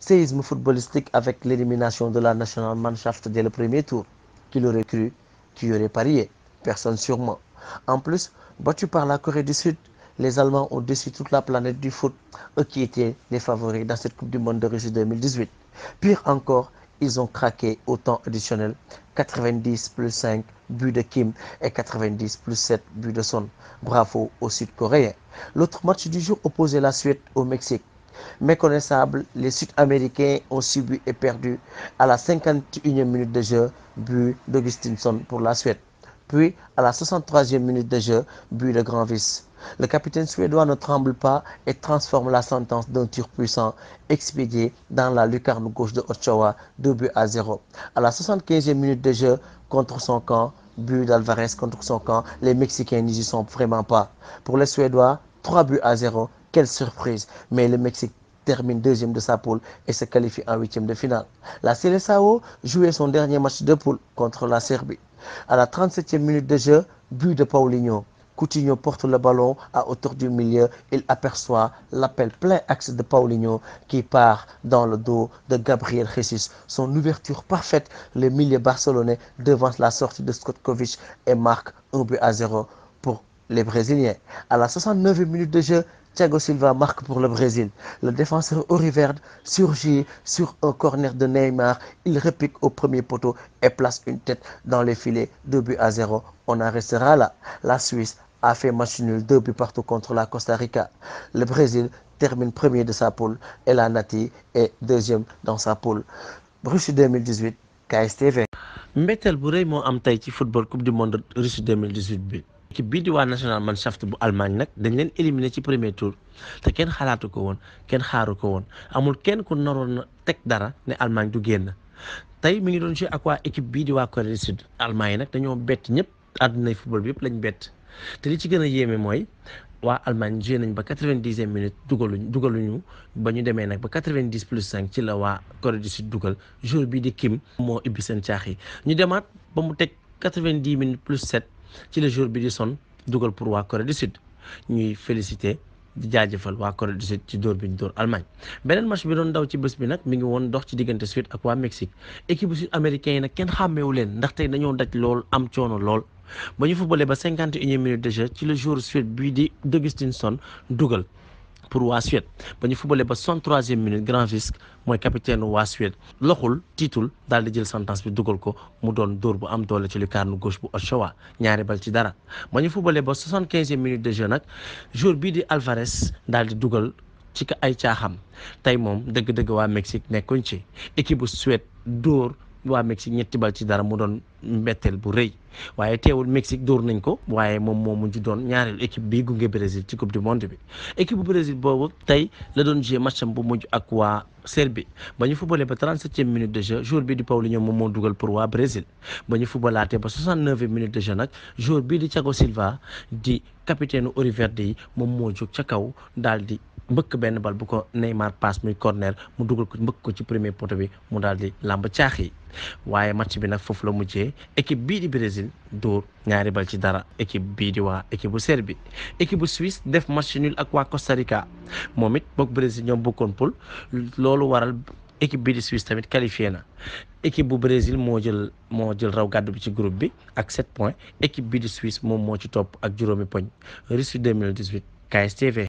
séisme footballistique avec l'élimination de la nationale Mannschaft dès le premier tour. Qui l'aurait cru Qui y aurait parié En plus, battu par la Corée du Sud, les Allemands ont déçu toute la planète du foot, eux qui étaient les favoris dans cette Coupe du Monde de Russie 2018. Pire encore, ils ont craqué au temps de Kim et 90 plus 7 buts de Son. Bravo aux Sud-Coréens. L'autre match du jour opposait au Mexique. Méconnaissable, les Sud-Américains ont subi et perdu à la 51e minute de jeu, but d'Augustinson pour la Suède. Puis, à la 63e minute de jeu, but de Granvis. Le capitaine suédois ne tremble pas et transforme la sentence d'un tir puissant expédié dans la lucarne gauche de Ochoa, 2 à 0. À la 75e minute de jeu, contre son camp, but d'Alvarez contre son camp, les Mexicains n'y sont vraiment pas. Pour les Suédois, 3 à 0, Quelle surprise Mais le Mexique termine deuxième de sa poule et se qualifie en huitième de de poule contre la Serbie. À la 37e de jeu, but de Paulinho. Coutinho porte le ballon à hauteur du milieu. Il aperçoit l'appel plein axe de Paulinho qui part dans le dos de Gabriel Jesus. Son ouverture parfaite, le milieu barcelonais devance la sortie de Skotkovic et marque 1 à 0. les Brésiliens. À la 69e minute de jeu, Thiago Silva marque pour le Brésil. Le défenseur Oriverde surgit sur un corner de Neymar. Il réplique au premier poteau et place une tête dans les filets. 2 à 0. On en restera là. La Suisse a fait match nul 2 partout contre la Costa Rica. Le Brésil termine premier de sa poule et la Nati est deuxième dans sa poule. Russie 2018, KSTV. mbetteel bu am tey ci football coupe du monde Russie bi. ci bii di waa national man shaft bu Allemagne nag dañ leen éliminer ci premier tour te kenn xalaatu ko woon kenn xaaru ko woon amul kenn ku naroon na teg dara ne Allemagne du génn tey mu ngi doon ci ak waa équipe bii di waa Corée du Sud Allemagne nag dañoo bett ñëpp àddunay football bi yëpp lañ bett te li ci gën a yéeme mooy waa Allemagne joué nañ ba quatre-vingt-dixième minute dugaluñ dugaluñu ba ñu demee nag ba quatre-vingt-dix plus cinq ci la waa Corée du dugal jour bii di Kim moo ibbi seen yi ñu demaat ba mu teg quatre-vingt-dix minutes plus ci la jour bi di son dugal pour waa Corée du Sud ñuy félicité di jaajëfal waa Corée du Sud ci dóor bi ñu dóor Allemagne beneen match bi doon daw ci bés bi nag mi ngi woon dox ci diggante Suède ak waa Mexique équipe sud américain yi nag kenn xàmmeewu leen ndax tey dañoo daj lool am coono lool ba ñu footballé ba cinquante et unième minute de jeu ci le jour Suède bii di D'Augustinson dugal pour waa Suède bañu ñu fubalee ba soixante-troisième minute mooy capitaine waa Suède loxul tiitul daal di jël sentence bi dugal ko mu doon dóor bu am doole ci lucarne gauche bu Ochoa ñaari bal ci dara ba ñu fubalee ba soixante-quinzième minute de jeu nag jour bii di Alvarez daal di dugal ci ay caaxam tey moom dëgg-dëgg waa Mexique nekkuñ ci équipe bu Suède dóor waa Mexique ñetti bal ci dara mu doon mbetteel bu rëy waaye teewul Mexique dóor nañ ko waaye moom moo mujj doon ñaareelu équipe bi gunge Brésil ci coupe du monde bi équipe bu Brésil boobu tey la doon joué matcham bu mujj ak waa Serbie ba ñu footballé ba 37 de jeu jour bi di Paulinho moom moo dugal pour waa Brésil ba ñu footballaatee ba 69e minute de jeu nag jour bi di Thiago Silva di capitaine u Oriverde moom moo jóg ca kaw daal di mbëkk benn bal bu ko Neymar passe muy corner mu dugal ko mbëkk ko ci premier pot bi mu daal di làmb caax yi waaye match bi nag foofu la mujjee équipe bii di Brésil dóor ñaari bal ci dara équipe bii di waa équipe bu Serbie équipe bu Suisse def match nul ak waa Costa Rica moom it boog Brésil ñoom bokkoon poule loolu waral équipe bi di Suisse tamit qualifié na équipe bu Brésil moo jël moo jël raw gàddu bi ci groupe bi ak 7 points équipe bi di Suisse moom moo ci topp ak juróomi poñ Russie 2018 KSTV.